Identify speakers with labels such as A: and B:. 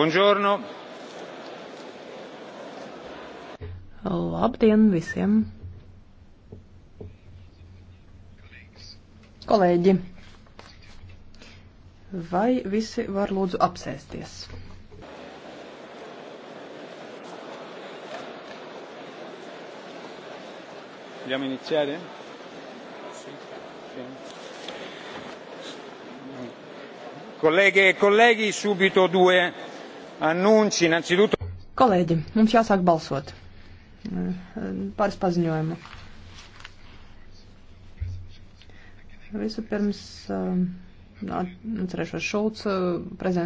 A: Buongiorno.
B: Labdien visiem! Kolēģi, vai visi var lūdzu apsēsties?
C: Vogliamo iniziare?
D: Sì. sì.
C: Colleghe e colleghi, subito
E: due annunci innanzitutto.
F: Kolēģi, mums jāsāk balsot. Pāris paziņojumu.
G: Visu pirms um, atcerēšos Šulcu uh, prezentāciju.